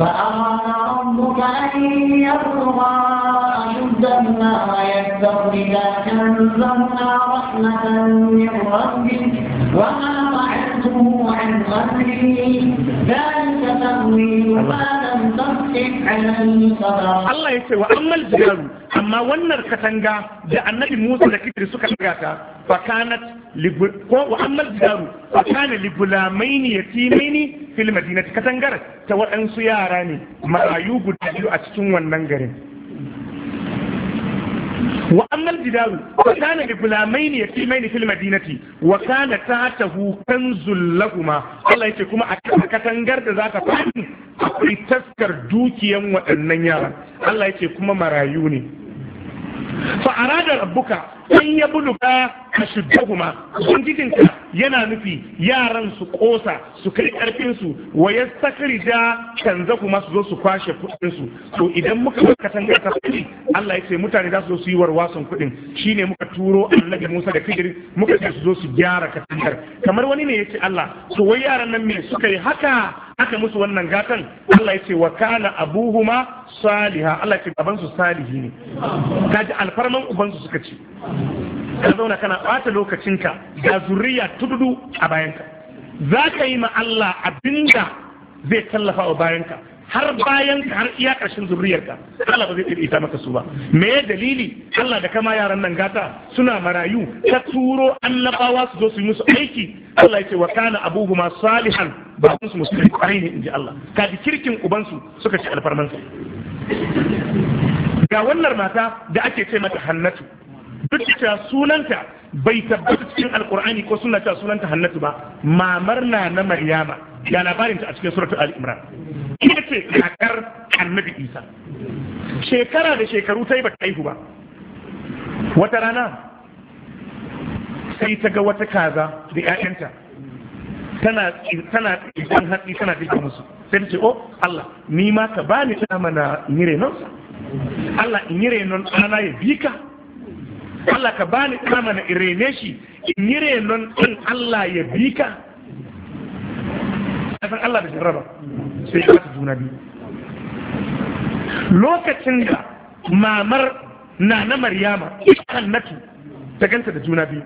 فأراد ربك أن يرضى أشدنا ويستخرج كنزنا رحمة من ربك وما فعلته عن أمري ذلك تأويل ما لم تستطع عليه صبرا الله يسوى أما الجبال أما wannan katanga da annabi Musa da Kidri suka daga ta fakanat ko wa ammal jidaru fakana libulamaini yatimaini fil madinati katangar ta waɗansu yara ne marayu guda biyu a cikin wannan garin Wa'amal annal jidaru wa kana bi gulamaini yatimaini fil madinati wa kana tahtahu kanzul lahuma Allah yace kuma a katangar da zaka fadi akwai taskar dukiyan waɗannan yaran Allah yace kuma marayu ne fa arada rabbuka in ya buluga ashuddahuma ubangijinka yana nufi yaran su ƙosa su kai karfin su wa yastakhrija kuma su zo su kwashe kuɗinsu? to idan muka bar katanga ta kudi Allah ya ce mutane za su zo su yi warwason kudin ne muka turo annabi Musa da Khidir muka ce su zo su gyara katangar kamar wani ne ya ce Allah to wai yaran nan me suka yi haka aka musu wannan gatan Allah ya ce wa kana abuhuma saliha Allah ce gaban su salihi ne kaji alfarman ubansu suka ce ka zauna kana bata lokacinka ga zuriya tududu a bayanka za ka yi ma Allah abinda zai tallafa wa bayanka har bayanka har iya ƙarshen zuriyarka Allah ba zai tsirita maka su ba me dalili Allah da kama yaran nan gata suna marayu ta turo annabawa su zo su yi musu aiki Allah ya ce wa kana abuhuma salihan su musulmi kwarai ne inji Allah kaji kirkin ubansu suka ci alfarmansa ga wannan mata da ake ce mata hannatu duk da sunanta bai tabbata cikin alkur'ani ko suna cewa sunanta hannatu ba mamar na na maryama ga labarin a cikin suratul ali imran ita ce kakar annabi isa shekara da shekaru ta yi ba haihu ba wata rana sai ta ga wata kaza da 'ya'yanta tana tana idan hatsi tana dinka musu sai ce oh Allah ni ma ka bani da mana in yi Allah in yi renon ɗana ya bika. Allah ka bani da mana in rene shi in yi renon ɗin Allah ya bika. ka san Allah da jarraba sai ya ta juna biyu lokacin da mamar na na Maryama ita Hannatu ta ganta da juna biyu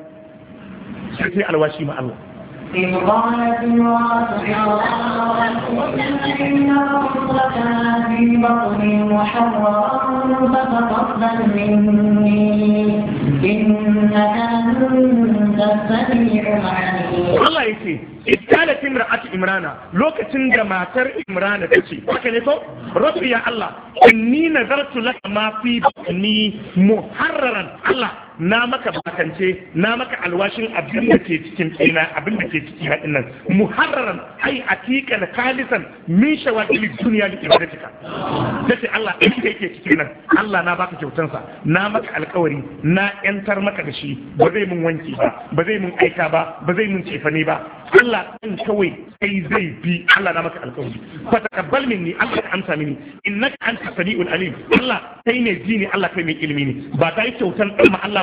sai sai alwashi ma Allah إذ قالت امرأة عمران إن رسلتنا في بطن محررا فتقبل مني إنك أنت السميع العليم الله يسير Iskalat imra'at Imrana lokacin da matar Imrana ta ce, "Haka ne ko? Rabbi ya Allah, inni nazartu laka ma fi ni muharraran Allah, na maka bakance na maka alwashin abin da ke cikin tsina abin da ke cikin haɗin nan muharraran ai atiqan khalisan min shawakil dunya li ibadatika dace Allah in da yake cikin nan Allah na baka kyautan sa na maka alƙawari na ƴantar maka da shi ba zai mun wanki ba ba zai mun aika ba ba zai mun cefane ba Allah ɗin kawai sai zai bi Allah na maka alƙawari fa taqabbal minni Allah ka amsa mini innaka anta samiul alim Allah kai ne ji ne Allah kai mai ilimi ne ba ta yi kyautan ɗan ma Allah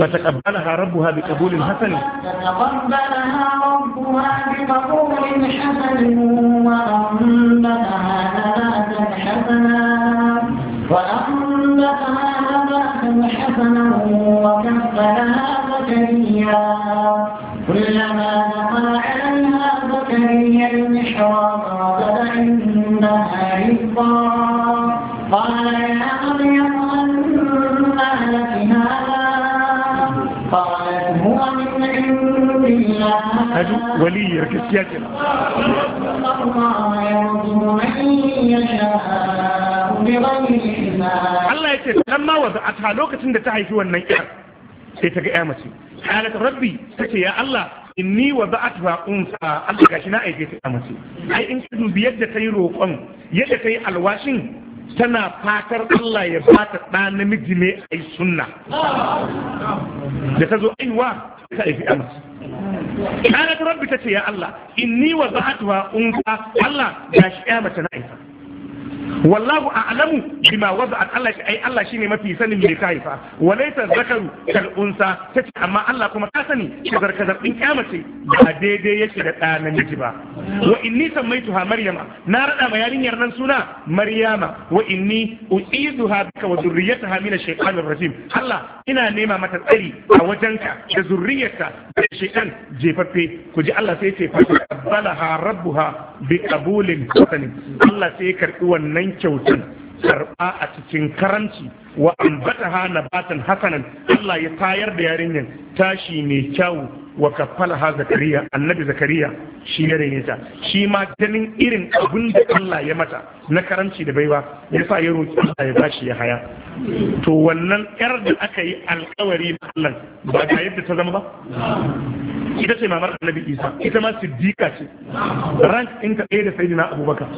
فتقبلها ربها بقبول حسن فتقبلها ربها بقبول حسن وأنبتها نباتا حسنا وأنبتها نباتا حسنا وكفلها زكريا كلما دخل عليها زكريا المحراب وجد عندها رزقا قال يا مريم أنى لك هذا قالت هو من عند الله هذه ولي كسياك الله يرزق من يشاء بغير حساب الله يتسمى وضعتها لوكة تحيث والنيئة sai ta ga ya mace qalat rabbi tace ya Allah inni wa ba'atha unsa Allah gashi na aike ta mace ai in ka dubi yadda tayi roƙon yadda tayi alwashin tana fatar Allah ya ba ta ɗa namiji ne ai sunna da ta zo aiwa ka aiki a mace qalat rabbi tace ya Allah inni wa ba'atha unsa Allah ga shi ya mace na aiki. wallahu a'lamu bima wada Allah ai Allah shine mafi sanin mai ta haifa walaysa zakaru kal unsa tace amma Allah kuma ka sani kazar kazar din ce, ba daidai yake da ɗan namiji ba wa inni sammaituha maryama na rada ma yarinyar nan suna maryama wa inni u'iduha bika wa dhurriyyataha min ash-shaytanir rajim Allah ina nema mata tsari a wajenka da zurriyarta da shaytan jefaffe ku ji Allah sai ya ce fa balaha rabbuha bi qabulin hasani Allah sai ya karbi wannan wannan kyautan karɓa a cikin karanci wa hana batan hasanan Allah ya tayar da yarinyar tashi mai kyau wa kafalaha zakariya annabi zakariya shi ya rene shi ma ganin irin abin da Allah ya mata na karanci da baiwa ya sa ya roki Allah ya bashi ya haya to wannan yar da aka yi alkawari da Allah ba ga yadda ta zama ba ita ce mamar annabi isa ita ma siddiqa ce rank ɗinta ɗaya da sayyidina abubakar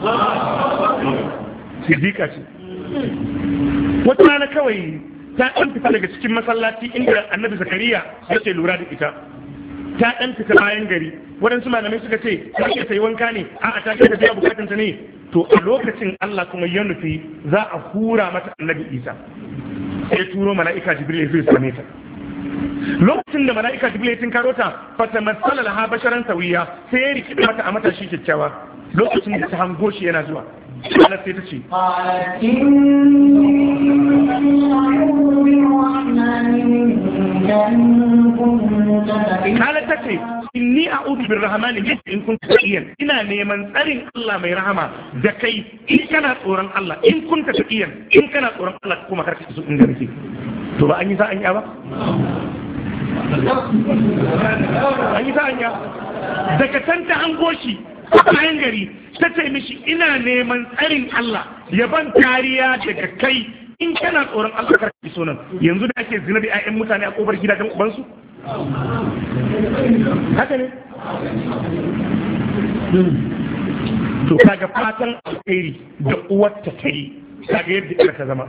siddiƙa ce wata rana kawai ta ɗan fita daga cikin masallaci inda annabi zakariya yake lura da ita ta ɗan fita bayan gari waɗansu malamai suka ce ta ke sai wanka ne a a ta ke tafiya bukatun ta ne to a lokacin Allah kuma ya nufi za a hura mata annabi Isa sai turo mala'ika Jibril ya same ta lokacin da mala'ika Jibril ya tinkaro ta fata masallala ha basharan sawiya sai ya rikida mata a matashi kyakkyawa lokacin da ta hango shi yana zuwa قالت تتشي قالت قالت تتشي inni a udu bin rahamani in kun tafiyan ina neman tsarin Allah mai rahama da kai in kana tsoron Allah in kun tafiyan in kana tsoron Allah kuma karka su in garki to ba an yi sa'an ya ba an yi sa'an ya daga can ta an goshi bayan gari ta ce mishi ina neman tsarin Allah ya ban kariya daga kai in kana tsoron Allah kar ki so yanzu da ake zina a 'yan mutane a kofar gidajen uban su haka ne hmm. to kaga fatan alheri da uwar ta kai ta ga yadda ita ka zama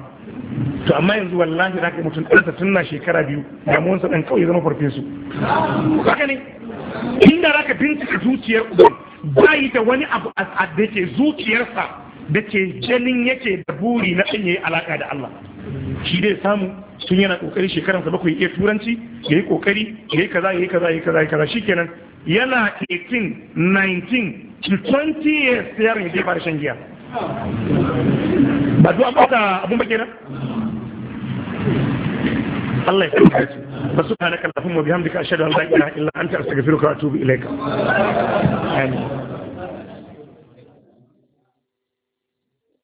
to amma yanzu wallahi za ka yi mutum ɗansa tun na shekara biyu damuwansa ɗan kawai zama farfesu haka ne inda za ka bincika zuciyar uban bayi da wani abu a da ke zuciyarsa da ke janin yake da buri na ɗanye alaƙa da Allah shi dai samu tun yana ƙoƙari shekaransa bakwai iya turanci ya yi ƙoƙari ya yi kaza ya yi kaza ya yi kaza ya kaza shikenan yana 18 19 to 20 years yaron ya je fara shan giya ba du am ka abun ba kenan Allah ya kai su ba su kana kallafin mu bihamdika ashhadu an la ilaha illa anta astaghfiruka wa atubu ilaika amin